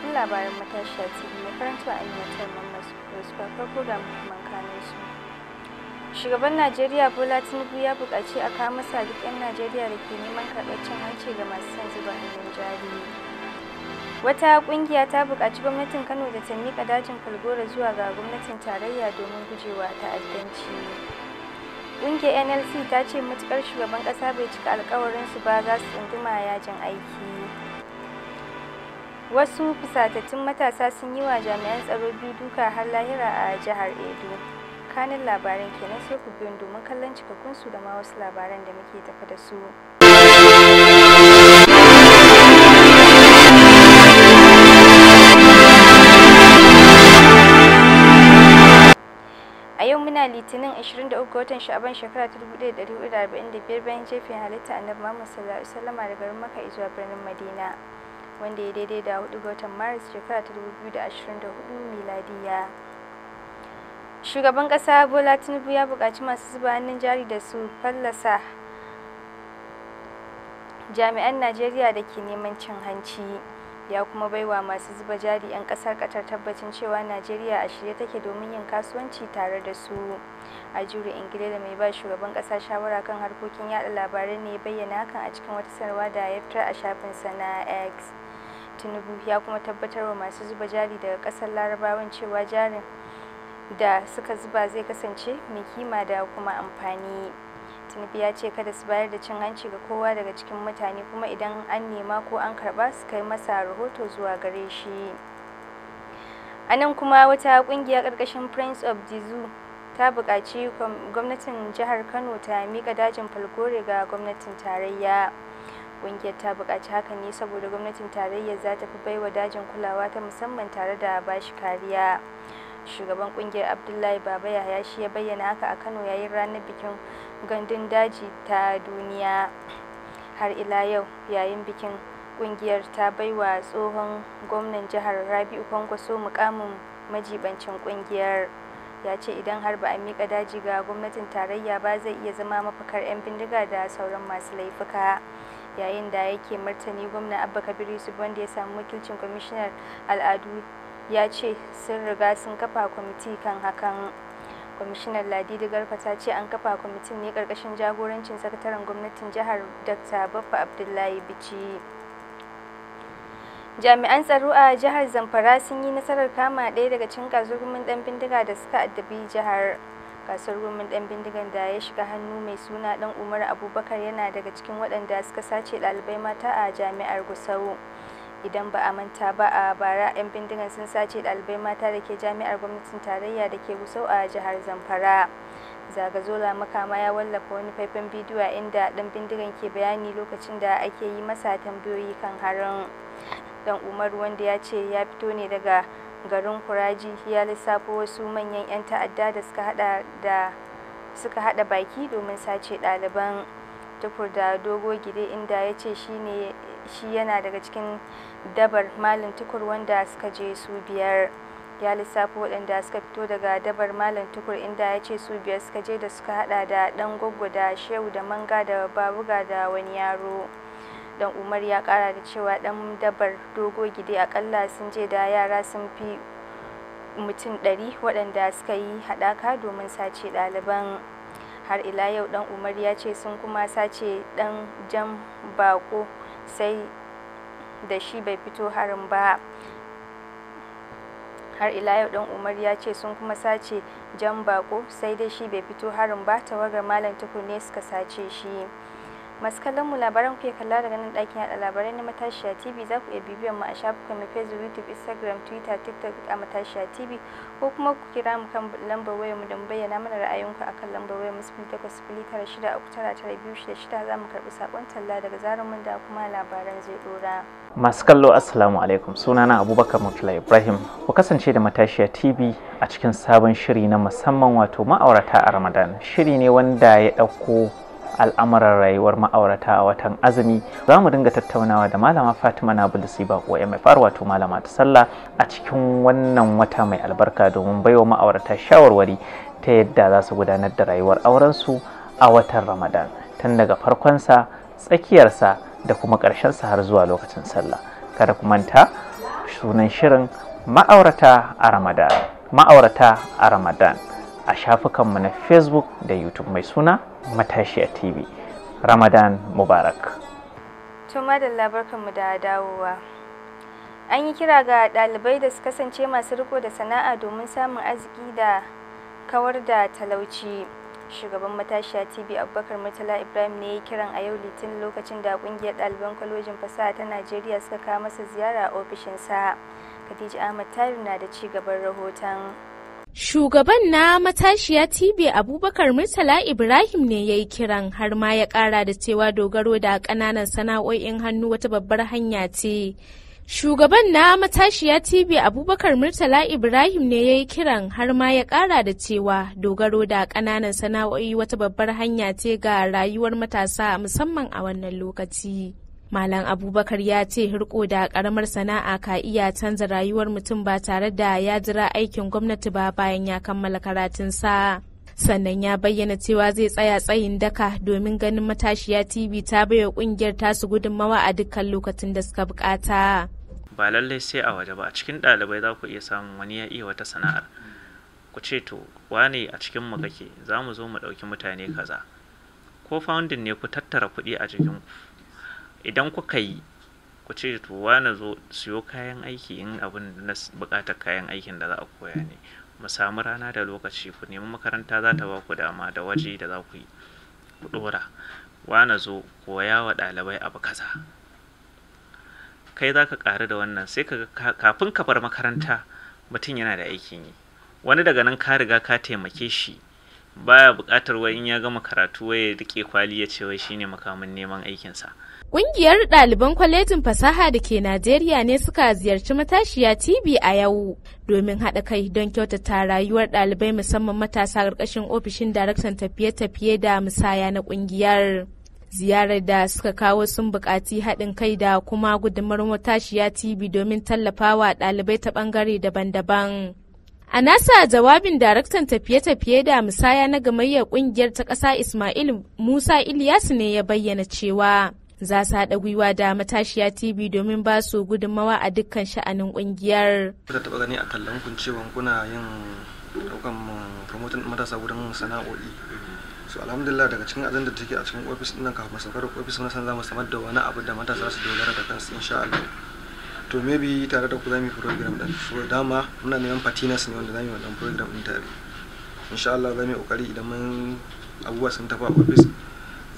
cikakkun labaran matashiya tv mai karanta mamman su farko ga muhimman kanin su shugaban najeriya bola tinubu ya buƙaci a kawo masa duk 'yan najeriya da ke neman karɓar hanci ga masu son zuba hannun jari wata ƙungiya ta buƙaci gwamnatin kano da ta miƙa dajin falgora zuwa ga gwamnatin tarayya domin gujewa ta'addanci ƙungiyar nlc ta ce matukar shugaban ƙasa bai cika alkawarinsu ba za su tsunduma yajin aiki Wasu fusatattun matasa sun yi wa jami'an tsaro biyu duka har lahira a jihar Edo. Kanin labaran kenan sai ku biyo domin kallon cikakkunsu da ma wasu labaran da muke tafa da su. A yau muna Litinin 23 ga watan Sha'aban shekara ta 1445 bayan jefin halitta Annabi Muhammad sallallahu alaihi wasallama daga garin Makka zuwa birnin Madina. wanda ya daidai da 4 ga watan maris shekara ta 2024 miladiya shugaban kasa bola tinubu ya buƙaci masu zuba hannun jari da su fallasa jami'an najeriya da ke neman cin hanci ya kuma baiwa masu zuba jari 'yan kasar katar tabbacin cewa najeriya a shirye take domin yin kasuwanci tare da su a jure ingila da mai ba shugaban kasa shawara kan harkokin yada labarai ne bayyana hakan a cikin wata sanarwa da ya fitar a shafinsa na x tinubu ya kuma tabbatar wa masu zuba jari daga kasar larabawan cewa jarin da suka zuba zai kasance mai kima da kuma amfani tinubu ya ce kada su bayar da cin hanci ga kowa daga cikin mutane kuma idan an nema ko an karba su kai masa rahoto zuwa gare shi a nan kuma wata kungiya karkashin prince of dizu ta buƙaci gwamnatin jihar kano ta mika dajin falgore ga gwamnatin tarayya Ƙungiyar ta buƙaci hakan ne saboda gwamnatin tarayyar za ta fi baiwa dajin kulawa ta musamman tare da bashi kariya. Shugaban ƙungiyar Abdullahi Baba ya shi ya bayyana haka a Kano yayin ranar bikin gandun daji ta duniya. Har ila yau yayin bikin ƙungiyar ta baiwa tsohon gwamnan jihar Rabi'u Kwankwaso mukamin majibancin ƙungiyar. ya ce idan har ba a mika daji ga gwamnatin tarayya ba zai iya zama mafakar 'yan bindiga da sauran masu laifuka. yayin da yake martani gwamna abba kabir yusuf wanda ya samu wakilcin kwamishinar al'adu ya ce sun riga sun kafa kwamiti kan hakan kwamishinar ladidi garfa ta ce an kafa kwamitin ne karkashin jagorancin sakataren gwamnatin jihar dr baffa abdullahi bici jami'an tsaro a jihar zamfara sun yi nasarar kama ɗaya daga cikin kazurumin ɗan bindiga da suka addabi jihar gasar rumin dan bindigan da ya shiga hannu mai suna dan umar abubakar yana daga cikin waɗanda suka sace ɗalibai mata a jami'ar gusau idan ba a manta ba a bara 'yan bindigan sun sace ɗalibai mata da ke jami'ar gwamnatin tarayya da ke gusau a jihar zamfara zagazola makama ya wallafa wani faifan bidiyo inda dan bindigan ke bayani lokacin da ake yi masa tambayoyi kan harin dan umar wanda ya ce ya fito ne daga garin kuraji ya lissafo wasu manyan 'yan ta'adda da suka hada da suka hada baki domin sace ɗaliban tukur da dogo gide inda ya ce shi yana daga cikin dabar malin tukur wanda suka je su biyar ya lissafo waɗanda suka fito daga dabar malam tukur inda ya ce su biyar suka je da suka hada da ɗan gwaggwa da shehu da manga da babuga da wani yaro dan umar ya kara da cewa dan dabar dogo gidi akalla sun je da yara sun fi mutum 100 waɗanda suka yi haɗaka domin sace ɗaliban har ila yau dan umar ya ce sun kuma sace dan jan bako sai da shi bai fito harin ba har ila yau dan umar ya ce sun kuma sace jan bako sai dai shi bai fito harin ba tawagar malam tukune suka sace shi masu kallon mu labaran kuke kalla daga nan ɗakin yaɗa labarai na matashiya tv za ku iya bibiyan mu a shafukan mu facebook youtube instagram twitter tiktok a matashiya tv ko kuma ku kira mu kan lambar waya mu da bayyana mana ra'ayinku kan lambar wayar mu sifili takwas sifili tara shida uku tara tara biyu shida shida za mu karɓi saƙon talla daga zarar mun da kuma labaran zai ɗora. masu kallo assalamu alaikum sunana abubakar mutula ibrahim ku kasance da matashiya tv a cikin sabon shiri na musamman wato ma'aurata a ramadan shiri ne wanda ya ɗauko al'amuran rayuwar ma'aurata a watan azumi za mu dinga tattaunawa da malama fatima na bulisi mai mfr wato malama ta sallah a cikin wannan wata mai albarka domin baiwa ma'aurata shawarwari ta yadda za su gudanar da rayuwar aurensu a watan ramadan tun daga farkonsa tsakiyarsa da kuma ƙarshensa har zuwa lokacin sallah kada ku manta sunan shirin ma'aurata a ramadan ma'aurata a ramadan a shafukanmu na facebook da youtube mai suna matashiya tv ramadan mubarak tuma da labarkanmu da dawowa an yi kira ga ɗalibai da su kasance masu riko da sana'a domin samun arziki da kawar da talauci shugaban matashiya tv abubakar murtala ibrahim ne ya kiran a yau litinin lokacin da kungiyar ɗaliban kwalojin fasaha ta najeriya suka kawo masa ziyara a ofishinsa khadija ahmad tayu na da ci gaban rahoton Shugaban na matashiya TV Abubakar Murtala Ibrahim ne ya yi kiran har ma ya kara da cewa dogaro da ƙananan sana'o'in hannu wata babbar hanya ce. Shugaban na matashiya TV Abubakar Murtala Ibrahim ne ya yi kiran har ma ya kara da cewa dogaro da ƙananan sana'o'i wata babbar hanya ce ga rayuwar matasa musamman a wannan lokaci. Malam Abubakar ya ce hirko da karamar sana'a ka iya canza rayuwar mutum ba tare da ya jira aikin gwamnati ba bayan ya kammala karatunsa. Sannan ya bayyana cewa zai tsaya tsayin daka domin ganin matashiya TV ta baiwa kungiyar tasu gudunmawa a dukkan lokacin da suka bukata. Ba lallai sai a waje ba a cikin ɗalibai za ku iya samun wani ya iya wata sana'ar. Ku ce to wane a cikin mu kake za mu zo mu ɗauki mutane kaza. Ko founding ne ku tattara kuɗi a jikin ku. idan kuka yi ku ce to wani zo siyo kayan aiki in abin na bukatar kayan aikin da za a koya ne mu samu rana da lokaci ku nemi makaranta za ta ba ku dama da waje da za ku yi ku dora wani zo koya wa ɗalibai abu kaza kai za ka ƙaru da wannan sai ka kafin ka bar makaranta mutum yana da aikin yi wani daga nan ka riga ka taimake shi baya bukatar wai in ya gama karatu wai ya rike kwali ya ce wai shine makamin neman aikinsa Ƙungiyar ɗaliban kwalejin fasaha da ke Najeriya ne suka ziyarci matashiya TV a yau domin haɗa kai don kyautata rayuwar ɗalibai musamman matasa ƙarƙashin ofishin daraktan tafiye-tafiye da musaya na ƙungiyar. ziyarar da suka kawo sun buƙaci haɗin kai da kuma gudumar matashiya TV domin tallafawa ɗalibai ta ɓangare daban-daban. A nasa jawabin daraktan tafiye-tafiye da musaya na gamayyar ƙungiyar ta ƙasa Ismail Musa Ilyas ne ya bayyana cewa za su haɗa gwiwa da matashiya TV domin ba su gudunmawa a dukkan sha'anin ƙungiyar. Kuka taɓa gani a tallan kun cewa kuna yin ɗaukan promotin matasa wurin sana'o'i. So alhamdulillah daga cikin azan da take a cikin ofis ɗin kafin saukar ofis na san za mu samar da wani abu da matasa su dogara da kansu insha Allah. To maybe tare da ku za mu yi program ɗin. So dama muna neman patinas ne wanda za mu yi wannan program ɗin tare. Insha Allah za mu yi ƙoƙari idan mun abubuwa sun tafi a ofis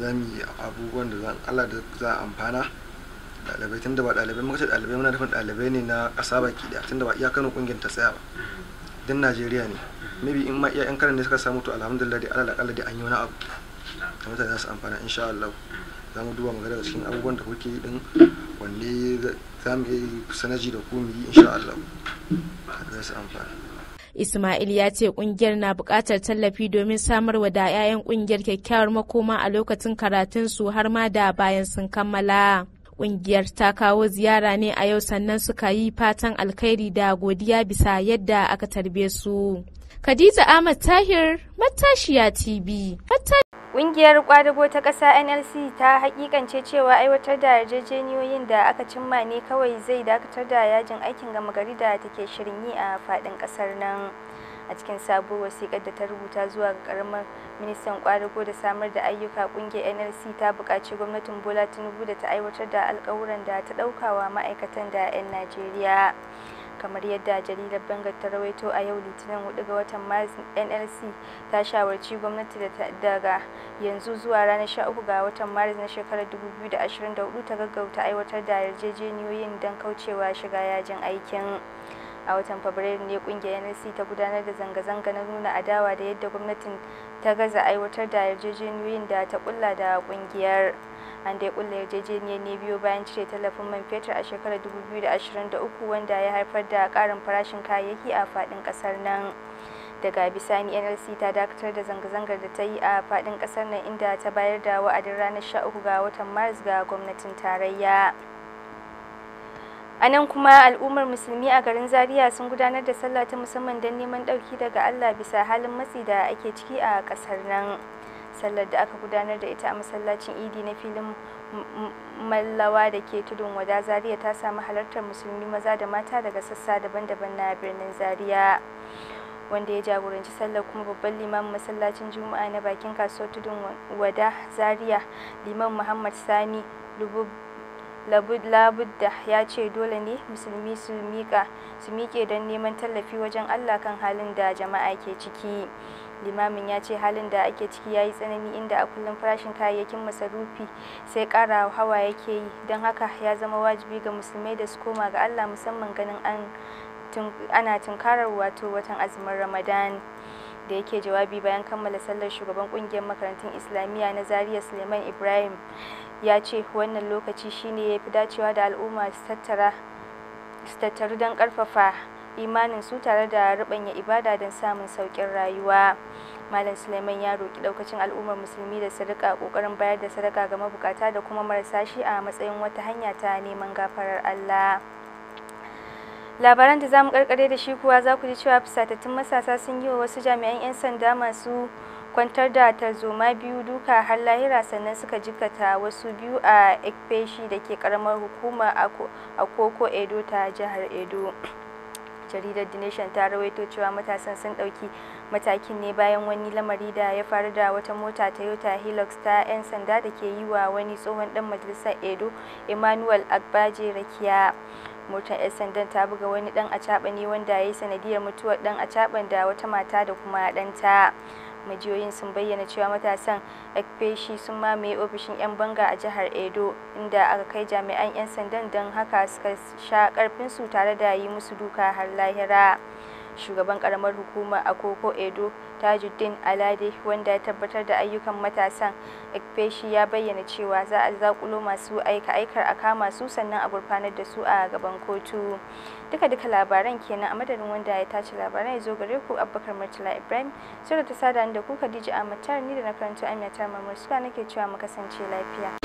za mu yi abubuwan da zan Allah da za a amfana ɗalibai tunda ba ɗalibai muka ce ɗalibai muna nufin ɗalibai ne na ƙasa baki ɗaya tunda ba iya Kano kungiyar ta tsaya ba din Najeriya ne maybe in ma iya yan Kano ne suka samu to alhamdulillah dai Allah da an yi wani abu da mutane za su amfana insha Allah za mu duba magana cikin abubuwan da kuke yi din wanne za mu yi sanaji da ku mu yi insha Allah za su amfana Ismail ya ce kungiyar na bukatar tallafi domin samar wa da 'ya'yan kungiyar kyakkyawar makoma a lokacin karatunsu har ma da bayan sun kammala. kungiyar ta kawo ziyara ne a yau sannan suka yi fatan alkhairi da godiya bisa yadda aka tarbe su. Khadija Ahmad Tahir Matashiya TV. Ƙungiyar kwadago ta ƙasa NLC ta hakikance cewa aiwatar da yarjejeniyoyin da aka cimma ne kawai zai dakatar da yajin aikin gama gari da take shirin yi a faɗin ƙasar nan. a cikin sabuwar wasiƙar da ta rubuta zuwa ga ƙaramar ministan kwadago da samar da ayyuka ƙungiyar nlc ta buƙaci gwamnatin bola tinubu da ta aiwatar da alƙawuran da ta ɗaukawa ma'aikatan da 'yan najeriya kamar yadda jaridar Bangar ta rawaito a yau Litinin 4 ga watan Maris NLC ta shawarci gwamnati daga yanzu zuwa ranar 13 ga watan Maris na shekarar 2024 ta gaggauta aiwatar da yarjejeniyoyin don kaucewa shiga yajin aikin. a watan fabrairu ne kungiyar nlc ta gudanar da zanga-zanga na nuna adawa da yadda gwamnatin ta gaza aiwatar da yarjejeniyoyin da ta kulla da kungiyar an dai kulle yarjejeniyar ne biyu bayan cire tallafin man fetur a shekarar 2023 wanda ya haifar da karin farashin kayayyaki a fadin kasar nan daga bisani nlc ta dakatar da zanga-zangar da ta yi a fadin kasar nan inda ta bayar da wa'adin ranar 13 ga watan maris ga gwamnatin tarayya a nan kuma al'ummar musulmi a garin zaria sun gudanar da sallah ta musamman don neman dauki daga allah bisa halin matsi da ake ciki a kasar nan sallar da aka gudanar da ita a masallacin idi na filin mallawa da ke tudun wada zaria ta samu halartar musulmi maza da mata daga sassa daban-daban na birnin zaria wanda ya jagoranci sallar kuma babban liman masallacin juma'a na bakin kasuwar tudun wada zaria liman muhammad sani labudda ya ce dole ne musulmi su miƙe don neman tallafi wajen allah kan halin da jama'a ke ciki limamin ya ce halin da ake ciki ya yi tsanani inda a kullum farashin kayayyakin masarufi sai kara hawa yake yi don haka ya zama wajibi ga musulmai da su koma ga allah musamman ganin ana tunkarar wato watan azumin ramadan da yake jawabi bayan kammala sallar shugaban kungiyar makarantun islamiyya na zaria suleiman ibrahim ya ce wannan lokaci shine ya fi dacewa da al'umma su tattaru don karfafa imanin su tare da rubanya ibada don samun saukin rayuwa malam suleiman ya roki daukacin al'ummar musulmi da su rika kokarin bayar da sadaka ga mabukata da kuma marasa shi a matsayin wata hanya ta neman gafarar allah labaran da zamu karkare da shi kuwa za ku ji cewa fisatattun masasa sun yi wa wasu jami'an 'yan sanda masu kwantar da tarzoma biyu duka har lahira sannan suka jikata wasu biyu a ekpeshi da ke karamar hukuma a koko edo ta jihar edo jaridar The Nation ta rawaito cewa matasan sun dauki matakin ne bayan wani lamari da ya faru da wata mota Toyota Hilux ta 'yan sanda da ke yi wa wani tsohon dan majalisar Edo Emmanuel Agbaje rakiya. motar 'yan sandan ta buga wani dan acaɓa ne wanda ya yi sanadiyar mutuwar dan acaɓan da wata mata da kuma ɗanta. majiyoyin sun bayyana cewa matasan ekpeshi sun mamaye ofishin 'yan banga a jihar edo inda aka kai jami'an 'yan sandan don haka suka sha karfin su tare da yi musu duka har lahira shugaban karamar hukumar koko edo tajuddin alade wanda ya tabbatar da ayyukan matasan ekpeshi ya bayyana cewa za a zakulo masu aika aikar a kama su sannan a gurfanar da su a gaban kotu duka duka labaran kenan a madadin wanda ya tace labaran ya zo gare ku abubakar murtala ibrahim sai ta sada da ku khadija amatar ni da na karanta amiyatar mamar suka nake cewa mu kasance lafiya